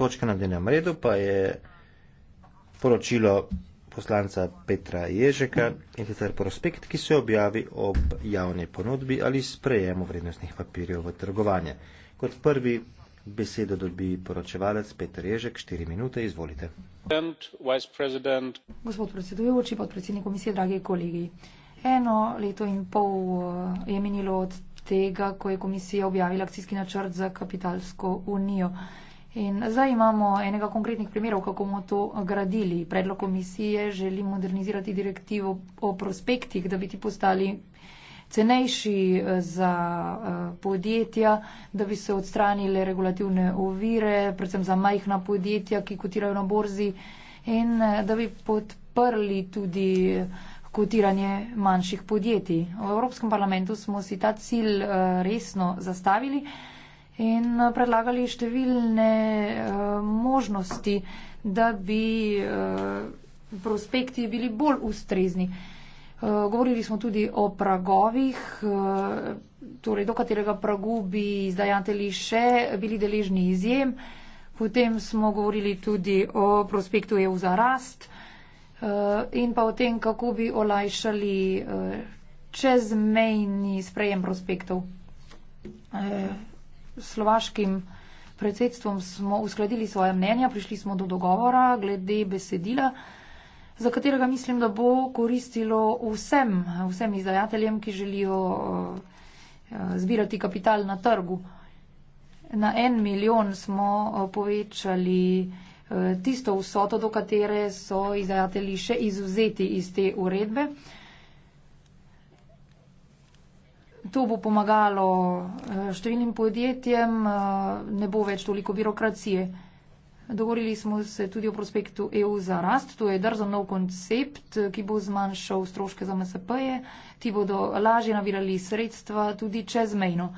točka na dnevnem redu pa je poročilo poslanca Petra Ježeka in sicer prospekt, ki se objavi ob javni ponudbi ali sprejemu vrednostnih papirjev v trgovanje. Kot prvi besedo dobi poročevalec Petr Ježek, 4 minute, izvolite. Gospod predsedujoči, podpredsednik komisije, dragi kolegi. Eno leto in pol eh, je minilo od tega, ko je komisija objavila akcijski načrt za kapitalsko unijo. In zdaj imamo enega konkretnih primerov, kako bomo to gradili. Predlog komisije želi modernizirati direktivo o prospektih, da bi ti postali cenejši eh, za eh, podjetja, da bi se odstranile regulativne ovire, predvsem za majhna podjetja, ki kotirajo na borzi in eh, da bi podprli tudi kotiranje manjših podjetij. V Evropskem parlamentu smo si ta cilj resno zastavili in eh, predlagali številne uh, možnosti, da bi uh, prospekti bili bolj ustrezni. Govorili smo tudi o pragovih, torej do katerega pragu bi izdajateli še bili deležni izjem. Potem smo govorili tudi o prospektu EU za rast in pa o tem, kako bi olajšali čezmejni sprejem prospektov slovaškim predsedstvom smo uskladili svoje mnenja, prišli smo do dogovora glede besedila, za katerega mislim, da bo koristilo vsem, vsem izdajateljem, ki želijo eh, zbirati kapital na trgu. Na en milijon smo eh, povečali eh, tisto vsoto, do katere so izdajateli še izuzeti iz te uredbe. to bo pomagalo eh, številnim podjetjem, eh, ne bo več toliko birokracije. Dogovorili smo se tudi o prospektu EU za rast. To je drzen nov koncept, eh, ki bo zmanjšal stroške za MSP-je. Ti bodo lažje navirali sredstva tudi čezmejno.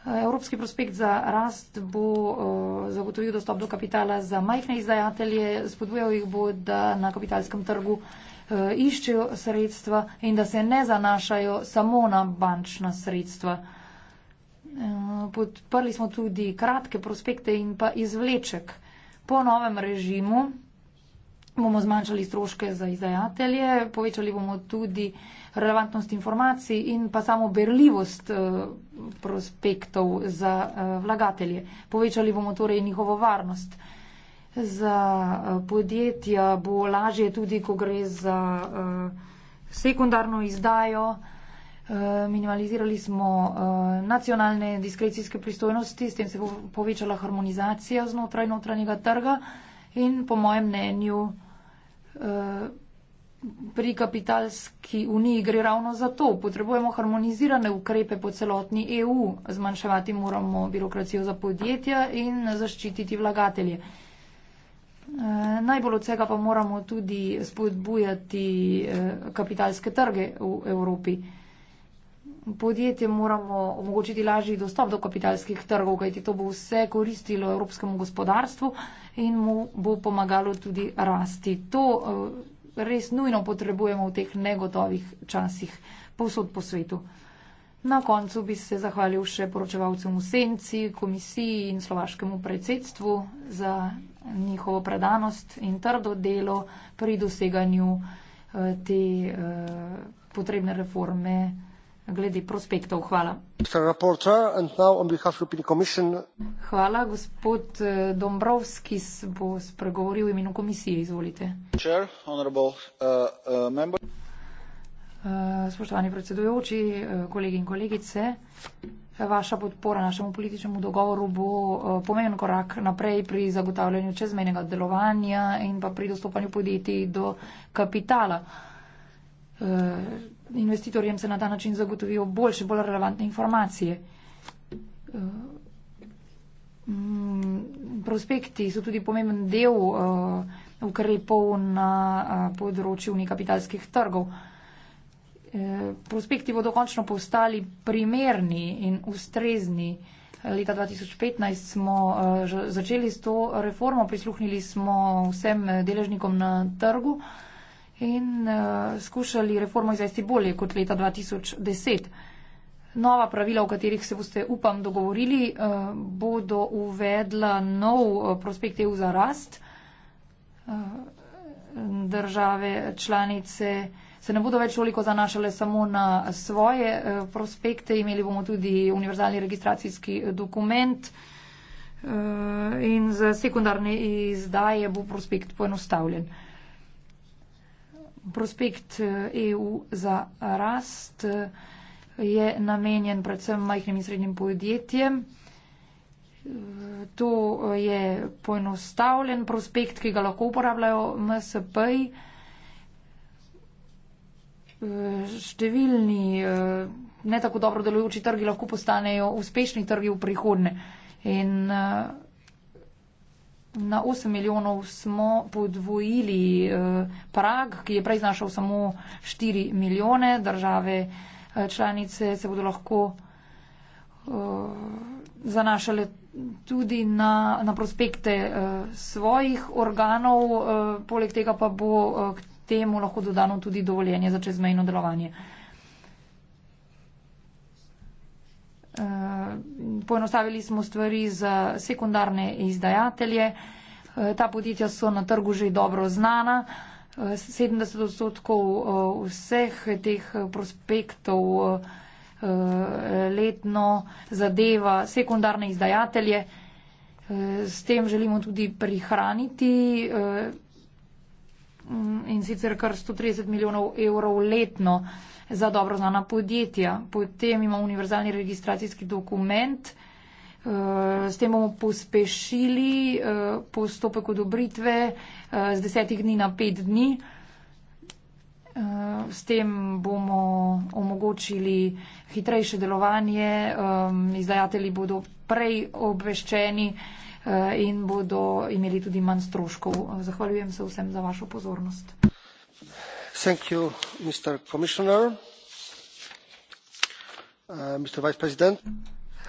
Evropski prospekt za rast bo zagotovil dostop do kapitala za majhne izdajatelje. Spodbujal jih bo, da na kapitalskem trgu uh, iščejo sredstva in da se ne zanašajo samo na bančna sredstva. Eh, podprli smo tudi kratke prospekte in pa izvleček. Po novem režimu bomo zmanjšali stroške za izdajatelje, povečali bomo tudi relevantnost informacij in pa samo berljivost eh, prospektov za vlagatelje. Povečali bomo torej njihovo varnost za eh, podjetja bo lažje tudi, ko gre za eh, sekundarno izdajo. Eh, minimalizirali smo nacionalne diskrecijske pristojnosti, s tem se bo povečala harmonizacija znotraj notranjega trga in po mojem mnenju pri kapitalski uniji gre ravno za to. Potrebujemo harmonizirane ukrepe po celotni EU, zmanjševati moramo birokracijo za podjetja in zaščititi vlagatelje. Eh, najbolj od vsega pa moramo tudi spodbujati eh, kapitalske trge v Evropi. Podjetjem moramo omogočiti lažji dostop do kapitalskih trgov, kajti to bo vse koristilo evropskemu gospodarstvu in mu bo pomagalo tudi rasti. To eh, res nujno potrebujemo v teh negotovih časih povsod po svetu. Na koncu bi se zahvalil še poročevalcem v Senci, komisiji in slovaškemu predsedstvu za njihovo predanost in trdo delo pri doseganju eh, te eh, potrebne reforme glede prospektov. Hvala. Hvala. Gospod eh, Dombrovski bo spregovoril v imenu komisije. Izvolite. Eh, spoštovani predsedujoči, eh, kolegi in kolegice, vaša podpora našemu političnemu dogovoru bo eh, pomemben korak naprej pri zagotavljanju čezmenega delovanja in pa pri dostopanju podjetij do kapitala. Investitorjem se na ta način zagotovijo boljše, bolj relevantne informacije. Mm, prospekti so tudi pomemben del ukrepov na področju nekapitalskih trgov. Eh, prospekti bodo končno postali primerni in ustrezni. Leta 2015 smo eh, začeli s to reformo, prisluhnili smo vsem eh, deležnikom na trgu in skušali reformo izvesti bolje kot leta 2010. Nova pravila, o katerih se boste, upam, dogovorili, bodo uvedla nov prospekt EU za rast države članice se ne bodo več toliko zanašale samo na svoje eh, prospekte, imeli bomo tudi univerzalni registracijski dokument eh, in za sekundarne izdaje bo prospekt poenostavljen. Prospekt EU eh, e za rast je namenjen predvsem majhnim in srednjim podjetjem. To je poenostavljen prospekt, ki ga lahko uporabljajo MSP-ji številni eh, ne tako dobro delujoči trgi lahko postanejo uspešni trgi v prihodne. In eh, na 8 milijonov smo podvojili eh, prag, ki je prej znašal samo 4 milijone. Države članice se bodo lahko zanašale tudi na, na prospekte svojih organov, poleg tega pa bo k temu lahko dodano tudi dovoljenje za čezmejno delovanje. Eh, poenostavili smo stvari za sekundarne izdajatelje. Eh, ta podjetja so na trgu že dobro znana. 70 eh, odstotkov vseh teh prospektov letno zadeva sekundarne izdajatelje. S tem želimo tudi prihraniti Mm, in sicer kar 130 milijonov evrov letno za dobro znana podjetja. Potem imamo univerzalni registracijski dokument, eh, s tem bomo pospešili eh, postopek odobritve eh, z desetih dni na pet dni. S tem bomo omogočili hitrejše delovanje, izdajateli bodo prej obveščeni, Eh, in bodo imeli tudi manj stroškov. Zahvaljujem se vsem za vašo pozornost. Thank you, Mr. Commissioner. Uh, eh, Mr. Vice President.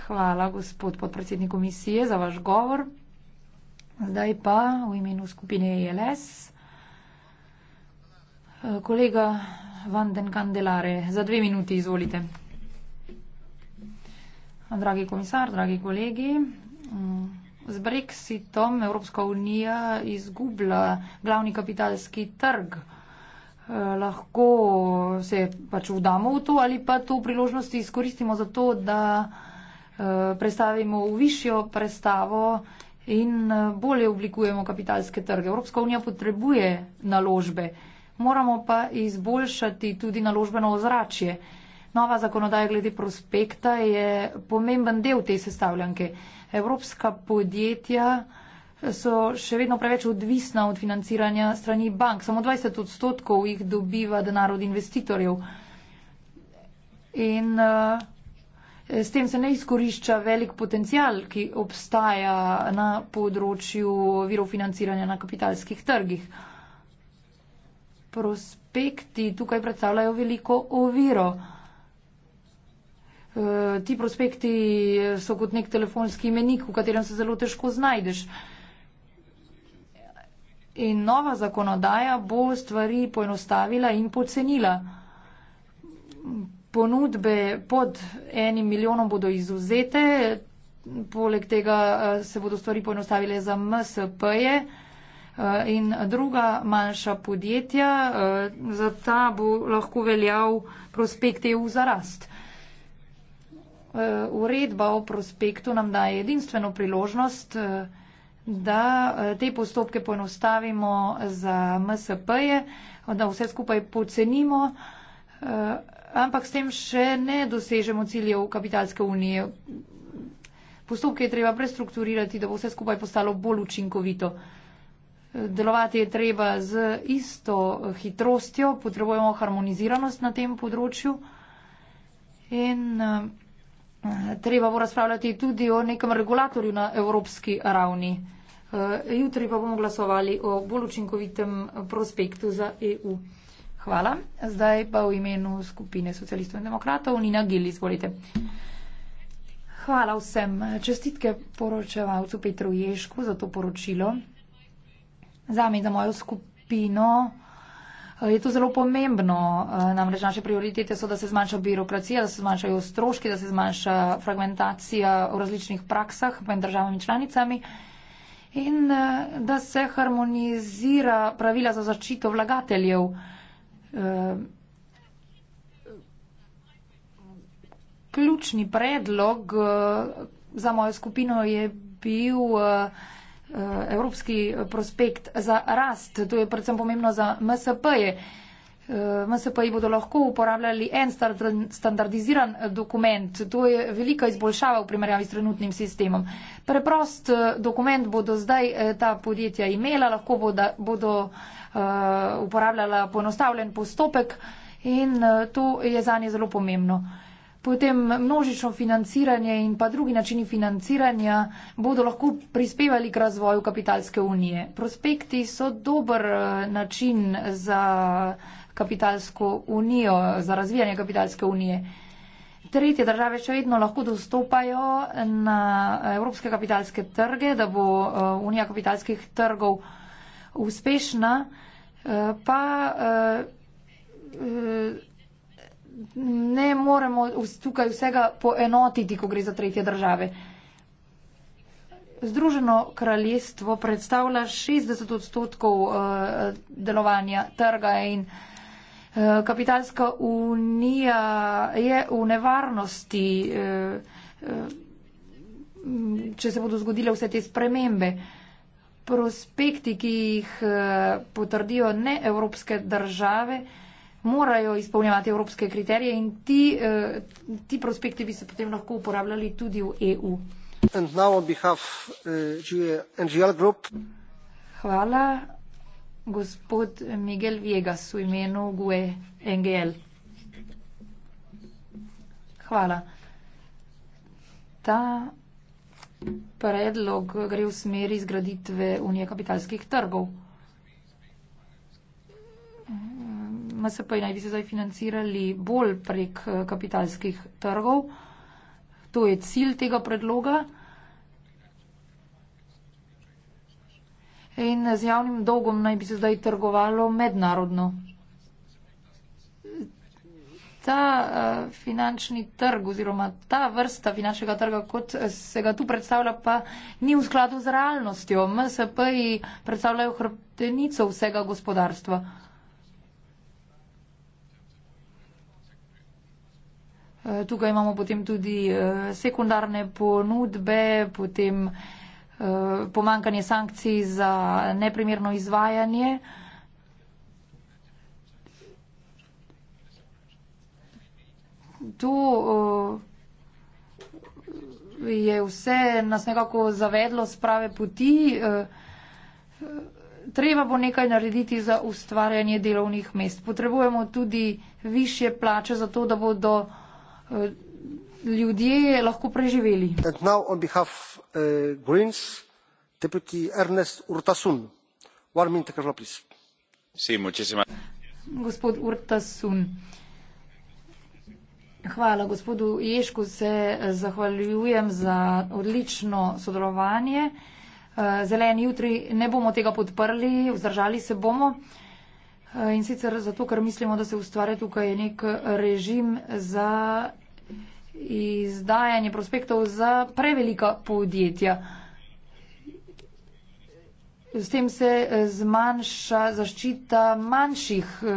Hvala, gospod podpredsednik komisije, za vaš govor. Zdaj pa v imenu skupine ELS. Eh, kolega Van den Candelare, za dve minuti izvolite. Dragi komisar, dragi kolegi, Z Brexitom Evropska unija izgublja glavni kapitalski trg. Eh, lahko se pač vdamo v to ali pa to priložnost izkoristimo za to, da eh, predstavimo v višjo predstavo in eh, bolje oblikujemo kapitalske trge. Evropska unija potrebuje naložbe, moramo pa izboljšati tudi naložbeno ozračje. Nova zakonodaja glede prospekta je pomemben del te sestavljanke evropska podjetja so še vedno preveč odvisna od financiranja strani bank. Samo 20 odstotkov jih dobiva denar od investitorjev. In uh, s tem se ne izkorišča velik potencial, ki obstaja na področju virov financiranja na kapitalskih trgih. Prospekti tukaj predstavljajo veliko oviro. Uh, Eh, ti prospekti so kot nek telefonski imenik, v katerem se zelo težko znajdeš. In nova zakonodaja bo stvari poenostavila in pocenila. Ponudbe pod enim milijonom bodo izuzete, poleg tega eh, se bodo stvari poenostavile za MSP-je eh, in druga manjša podjetja. Za ta bo lahko veljal prospekt EU za rast. Eh, uredba o prospektu nam daje edinstveno priložnost, eh, da eh, te postopke poenostavimo za MSP-je, da vse skupaj pocenimo, ampak s tem še ne dosežemo ciljev kapitalske unije. Postopke je treba prestrukturirati, da bo vse skupaj postalo bolj učinkovito. Delovati je treba z isto hitrostjo, potrebujemo harmoniziranost na tem področju. In, uh, Treba bo razpravljati tudi o nekem regulatorju na evropski ravni. Eh, jutri pa bomo glasovali o bolj učinkovitem prospektu za EU. Hvala. Zdaj pa v imenu skupine socialistov in demokratov Nina Gil, izvolite. Hvala vsem. Čestitke poročevalcu Petru Ješku za to poročilo. Zame za mojo skupino. Je to zelo pomembno, eh, namreč naše prioritete so, da se zmanjša birokracija, da se zmanjšajo stroški, da se zmanjša fragmentacija v različnih praksah med državami članicami in eh, da se harmonizira pravila za zaščito vlagateljev. Eh, ključni predlog za mojo skupino je bil. Eh, evropski prospekt za rast. To je predvsem pomembno za MSP-je. Eh, MSP-ji bodo lahko uporabljali en standardiziran dokument. To je velika izboljšava v primerjavi s trenutnim sistemom. Preprost eh, dokument bodo zdaj ta podjetja imela, lahko bodo, bodo uporabljala poenostavljen postopek in to je zanje zelo pomembno. Potem množično financiranje in pa drugi načini financiranja bodo lahko prispevali k razvoju kapitalske unije. Prospekti so dober eh, način za kapitalsko unijo, za razvijanje kapitalske unije. Tretje države še vedno lahko dostopajo na eh, evropske kapitalske trge, da bo eh, unija kapitalskih trgov uspešna, pa ne moremo tukaj vsega poenotiti, ko gre za tretje države. Združeno kraljestvo predstavlja 60 odstotkov eh, delovanja trga in eh, kapitalska unija je v nevarnosti, eh, če se bodo zgodile vse te spremembe. Prospekti, ki jih potrdijo neevropske države, morajo izpolnjevati evropske kriterije in ti, eh, ti prospekti bi se potem lahko uporabljali tudi v EU. Behalf, eh, Hvala, gospod Miguel Viegas v imenu GUE NGL. Hvala. Ta predlog gre v smeri izgraditve Unije kapitalskih trgov. MSP-ji naj bi se zdaj financirali bolj prek eh, kapitalskih trgov. To je cilj tega predloga. In z javnim dolgom naj bi se zdaj trgovalo mednarodno. Ta eh, finančni trg oziroma ta vrsta finančnega trga, kot se ga tu predstavlja, pa ni v skladu z realnostjo. MSP-ji predstavljajo hrbtenico vsega gospodarstva. Eh, tukaj imamo potem tudi eh, sekundarne ponudbe, potem eh, pomankanje sankcij za neprimerno izvajanje. To je vse nas nekako zavedlo z prave poti. Treba bo nekaj narediti za ustvarjanje delovnih mest. Potrebujemo tudi više plače za to, da bodo Eh, ljudje lahko preživeli. Eh, gospod urtasun hvala gospodu ježku se eh, zahvaljujem za odlično sodelovanje. zeleni jutri ne bomo tega podprli vzdržali se bomo in sicer zato ker mislimo da se ustvarja tukaj nek režim za izdajanje prospektov za prevelika podjetja. S tem se eh, zmanjša zaščita manjših eh,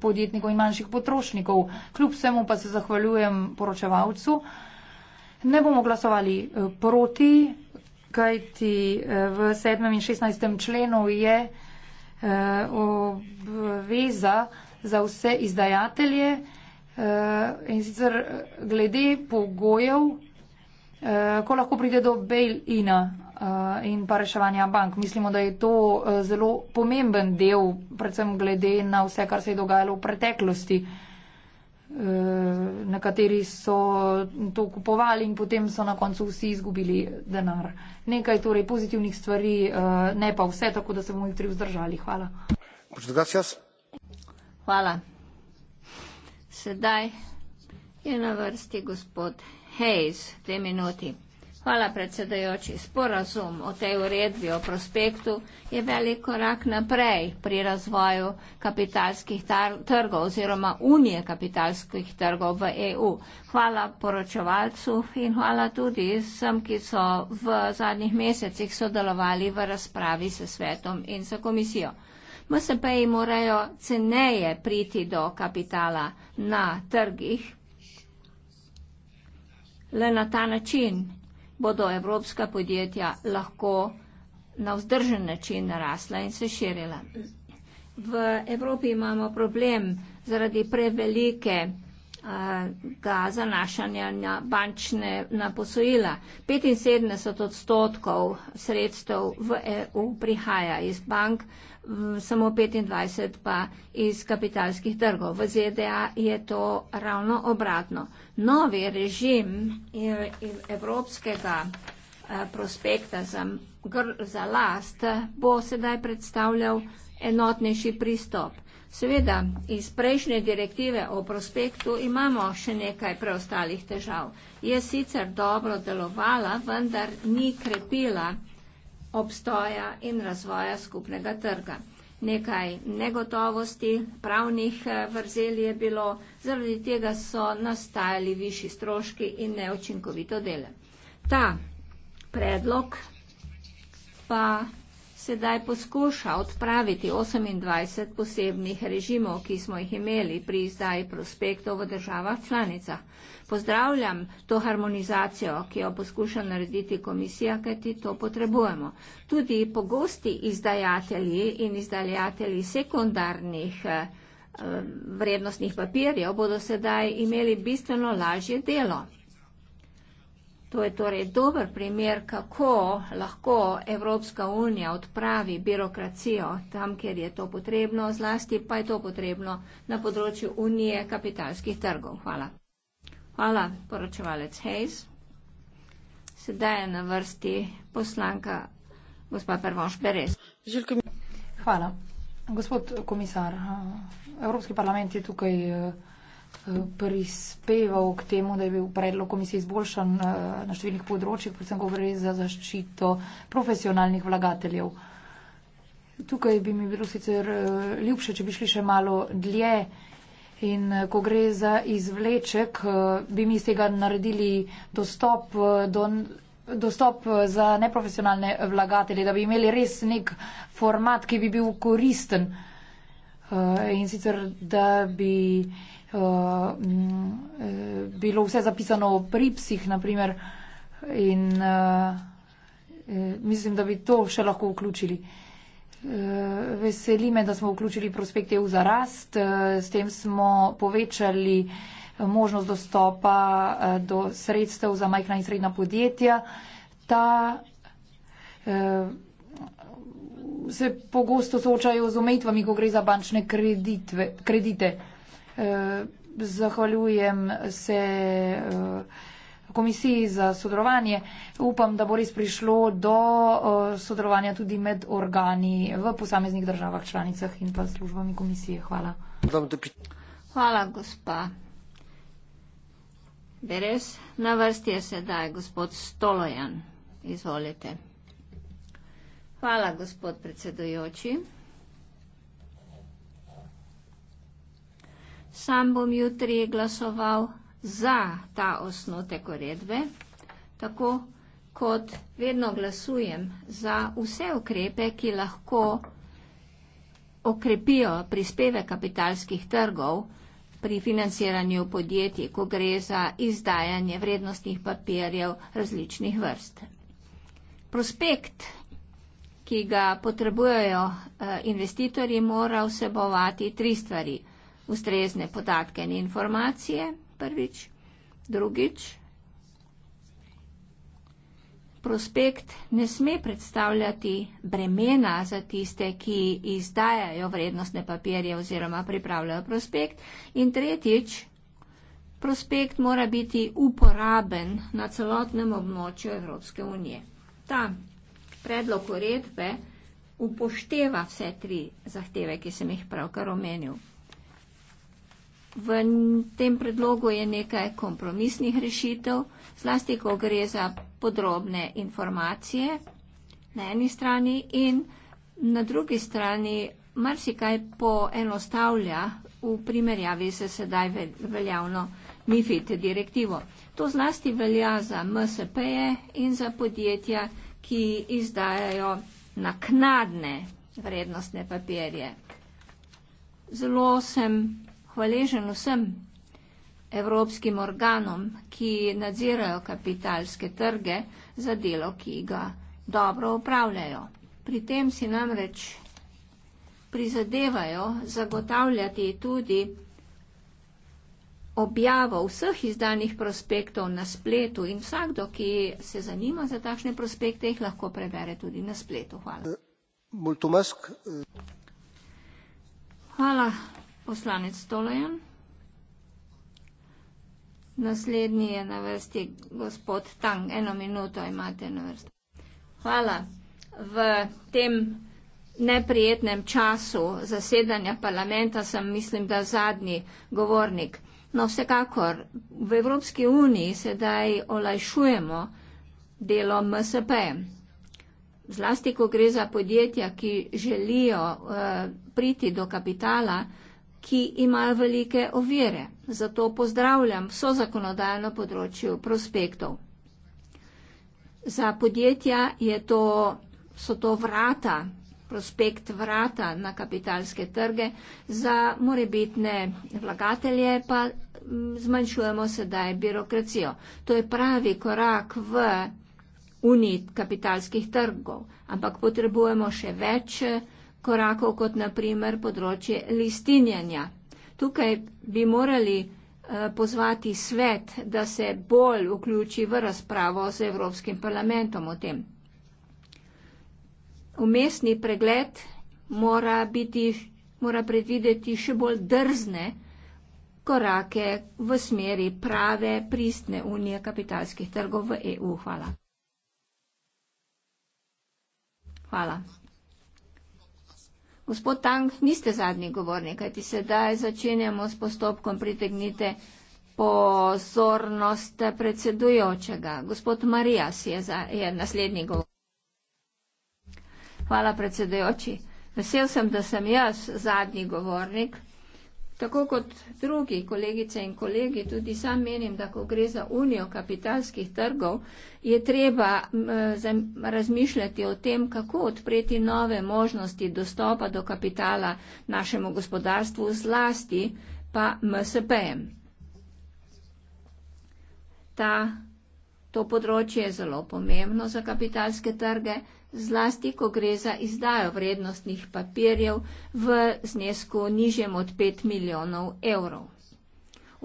podjetnikov in manjših potrošnikov. Kljub vsemu pa se zahvaljujem poročevalcu. Ne bomo glasovali eh, proti, kajti v 7. in 16. členu je obveza za vse izdajatelje, Eh, in sicer glede pogojev, eh, ko lahko pride do bail-ina eh, in pa reševanja bank. Mislimo, da je to zelo pomemben del, predvsem glede na vse, kar se je dogajalo v preteklosti. Nekateri so to kupovali in potem so na koncu vsi izgubili denar. Nekaj torej pozitivnih stvari, ne pa vse, tako da se bomo jih tri vzdržali. Hvala. Hvala. Sedaj je na vrsti gospod Hayes, dve minuti. Hvala predsedajoči. Sporazum o tej uredbi o prospektu je velik korak naprej pri razvoju kapitalskih trgov oziroma unije kapitalskih trgov v EU. Hvala poročevalcu in hvala tudi vsem, ki so v zadnjih mesecih sodelovali v razpravi s svetom in s komisijo. MSP-ji morajo ceneje priti do kapitala na trgih. Le na ta način bodo evropska podjetja lahko na vzdržen način narasla in se širila. V Evropi imamo problem zaradi prevelike ga zanašanja na bančne naposojila. 75 odstotkov sredstev v EU prihaja iz bank, samo 25 pa iz kapitalskih trgov. V ZDA je to ravno obratno. Novi režim evropskega eh, prospekta za, za last bo sedaj predstavljal enotnejši pristop. Seveda, iz prejšnje direktive o prospektu imamo še nekaj preostalih težav. Je sicer dobro delovala, vendar ni krepila obstoja in razvoja skupnega trga. Nekaj negotovosti, pravnih eh, vrzeli je bilo, zaradi tega so nastajali višji stroški in neočinkovito dele. Ta predlog pa sedaj poskuša odpraviti 28 posebnih režimov, ki smo jih imeli pri izdaji prospektov v državah članicah. Pozdravljam to harmonizacijo, ki jo poskuša narediti komisija, kajti to potrebujemo. Tudi pogosti izdajatelji in izdajatelji sekundarnih eh, eh, vrednostnih papirjev bodo sedaj imeli bistveno lažje delo. To je torej dober primer, kako lahko Evropska unija odpravi birokracijo tam, kjer je to potrebno, zlasti pa je to potrebno na področju Unije kapitalskih trgov. Hvala. Hvala, poročevalec Hayes. Sedaj je na vrsti poslanka gospa Pervonš Perez. Hvala. Gospod komisar, Evropski parlament je tukaj eh, prispeval k temu, da je bil predlog komisije izboljšan eh, na številnih področjih, predvsem govori za zaščito profesionalnih vlagateljev. Tukaj bi mi bilo sicer eh, ljubše, če bi šli še malo dlje in eh, ko gre za izvleček, bi mi z tega naredili dostop, do, dostop za neprofesionalne vlagatelje, da bi imeli res nek format, ki bi bil koristen. In sicer, da bi uh, bilo vse zapisano o pripsih, naprimer, in uh, mislim, da bi to še lahko vključili. Veseli me, da smo vključili prospekt EU za rast, s tem smo povečali možnost dostopa do sredstev za majhna in srednja podjetja. Ta se pogosto soočajo z omejitvami, ko gre za bančne kredite. Zahvaljujem se eh, komisiji za sodelovanje. Upam, da bo res prišlo do eh, sodelovanja tudi med organi v posameznih državah, članicah in pa službami komisije. Hvala. Hvala, gospa. Beres, na vrsti je sedaj gospod Stolojan. Izvolite. Hvala, gospod predsedujoči. Sam bom jutri glasoval za ta osnotek uredbe, tako kot vedno glasujem za vse ukrepe, ki lahko okrepijo prispeve kapitalskih trgov pri financiranju podjetij, ko gre za izdajanje vrednostnih papirjev različnih vrst. Prospekt, ki ga potrebujejo eh, investitorji, mora vsebovati tri stvari ustrezne podatke in informacije, prvič. Drugič, prospekt ne sme predstavljati bremena za tiste, ki izdajajo vrednostne papirje oziroma pripravljajo prospekt. In tretjič, prospekt mora biti uporaben na celotnem območju Evropske unije. Ta predlog uredbe upošteva vse tri zahteve, ki sem jih pravkar omenil. V tem predlogu je nekaj kompromisnih rešitev, zlasti ko gre za podrobne informacije na eni strani in na drugi strani marsikaj poenostavlja v primerjavi se sedaj veljavno MIFID direktivo. To zlasti velja za MSP-je in za podjetja, ki izdajajo naknadne vrednostne papirje. Zelo sem hvaležen vsem evropskim organom, ki nadzirajo kapitalske trge za delo, ki ga dobro upravljajo. Pri tem si namreč prizadevajo zagotavljati tudi objavo vseh izdanih prospektov na spletu in vsakdo, ki se zanima za takšne prospekte, jih lahko prebere tudi na spletu. Hvala. Hvala poslanec Tolajan. Naslednji je na vrsti gospod Tang. Eno minuto imate na vrsti. Hvala. V tem neprijetnem času zasedanja parlamenta sem, mislim, da zadnji govornik. No, vsekakor v Evropski uniji sedaj olajšujemo delo MSP. Zlasti, ko gre za podjetja, ki želijo uh, priti do kapitala, ki imajo velike ovire, zato pozdravljam vso zakonodajno področju prospektov. Za podjetja je to, so to vrata, prospekt vrata na kapitalske trge, za morebitne vlagatelje pa zmanjšujemo sedaj birokracijo. To je pravi korak v uniji kapitalskih trgov, ampak potrebujemo še več korakov, kot naprimer področje listinjanja. Tukaj bi morali eh, pozvati svet, da se bolj vključi v razpravo z Evropskim parlamentom o tem. Umestni pregled mora, biti, mora predvideti še bolj drzne korake v smeri prave pristne unije kapitalskih trgov v EU. Hvala. Hvala. Gospod Tang, niste zadnji govornik, kajti sedaj začenjamo s postopkom pritegnite pozornost predsedujočega. Gospod Marijas je, za, je naslednji govornik. Hvala predsedujoči. Vesel sem, da sem jaz zadnji govornik. Tako kot drugi kolegice in kolegi, tudi sam menim, da ko gre za unijo kapitalskih trgov, je treba razmišljati o tem, kako odpreti nove možnosti dostopa do kapitala našemu gospodarstvu zlasti pa MSP-jem. To področje je zelo pomembno za kapitalske trge, zlasti ko gre za izdajo vrednostnih papirjev v znesku nižjem od 5 milijonov evrov.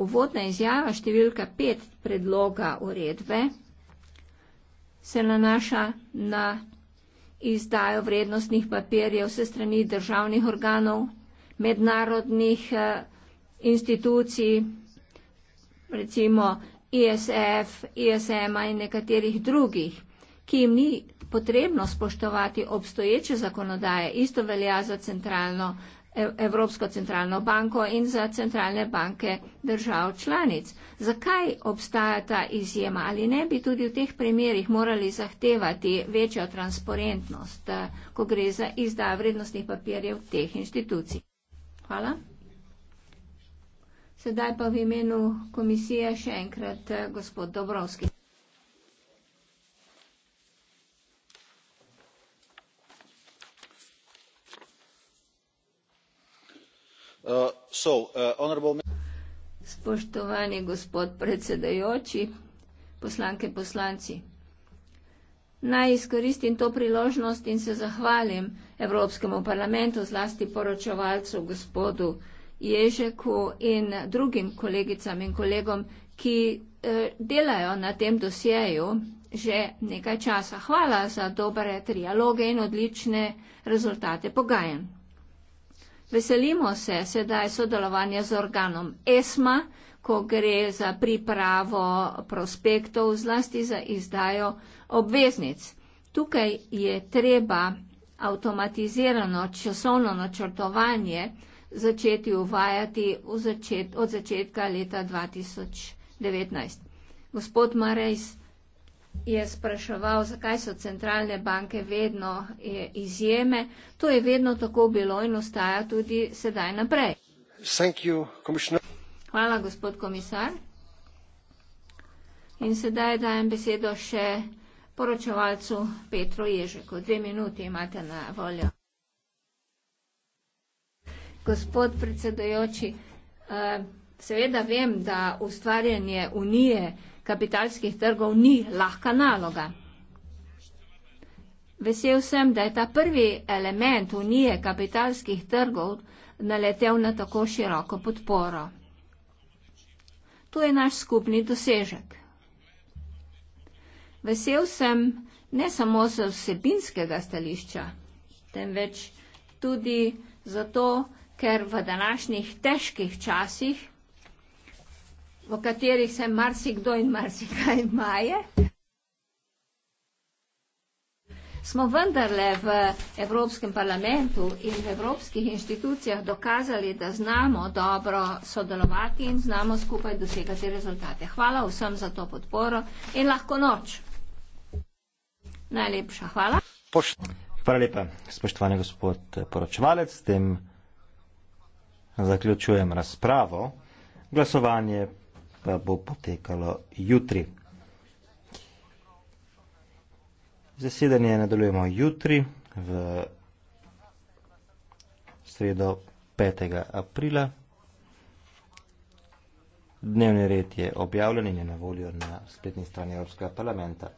Uvodna izjava številka 5 predloga uredbe se nanaša na izdajo vrednostnih papirjev se strani državnih organov, mednarodnih eh, institucij, recimo ISF, ISM-a in nekaterih drugih ki jim ni potrebno spoštovati obstoječe zakonodaje, isto velja za centralno, e, Evropsko centralno banko in za centralne banke držav članic. Zakaj obstaja ta izjema? Ali ne bi tudi v teh primerjih morali zahtevati večjo transparentnost, eh, ko gre za izdaj vrednostnih papirjev teh inštitucij? Hvala. Sedaj pa v imenu komisije še enkrat eh, gospod Dobrovski. Uh, uh, Spoštovani gospod predsedujoči, poslanke, poslanci. Naj izkoristim to priložnost in se zahvalim Evropskemu parlamentu, zlasti poročevalcu gospodu Ježeku in drugim kolegicam in kolegom, ki, eh, delajo na tem dosjeju že nekaj časa. Hvala za dobre trialoge in odlične rezultate pogajanj. Veselimo se sedaj sodelovanja z organom ESMA, ko gre za pripravo prospektov, zlasti za izdajo obveznic. Tukaj je treba avtomatizirano časovno načrtovanje začeti uvajati začet, od začetka leta 2019. Gospod Marejs, je spraševal, zakaj so centralne banke vedno e, izjeme. To je vedno tako bilo in ostaja tudi sedaj naprej. You, Hvala, gospod komisar. In sedaj dajem besedo še poročevalcu Petru Ježeku. Dve minuti imate na voljo. Gospod predsedojoči, eh, seveda vem, da ustvarjanje unije kapitalskih trgov ni lahka naloga. Vesel sem, da je ta prvi element unije kapitalskih trgov naletel na tako široko podporo. To je naš skupni dosežek. Vesel sem ne samo z vsebinskega stališča, temveč tudi zato, ker v današnjih težkih časih v katerih se marsikdo in marsikaj maje. Smo vendarle v Evropskem parlamentu in v evropskih inštitucijah dokazali, da znamo dobro sodelovati in znamo skupaj dosegati rezultate. Hvala vsem za to podporo in lahko noč. Najlepša hvala. Hvala lepa, spoštovani gospod poročevalec. S tem zaključujem razpravo. Glasovanje pa bo potekalo jutri. Zasedanje nadaljujemo jutri v sredo 5. aprila. Dnevni red je objavljen in je na voljo na spletni strani Evropskega parlamenta.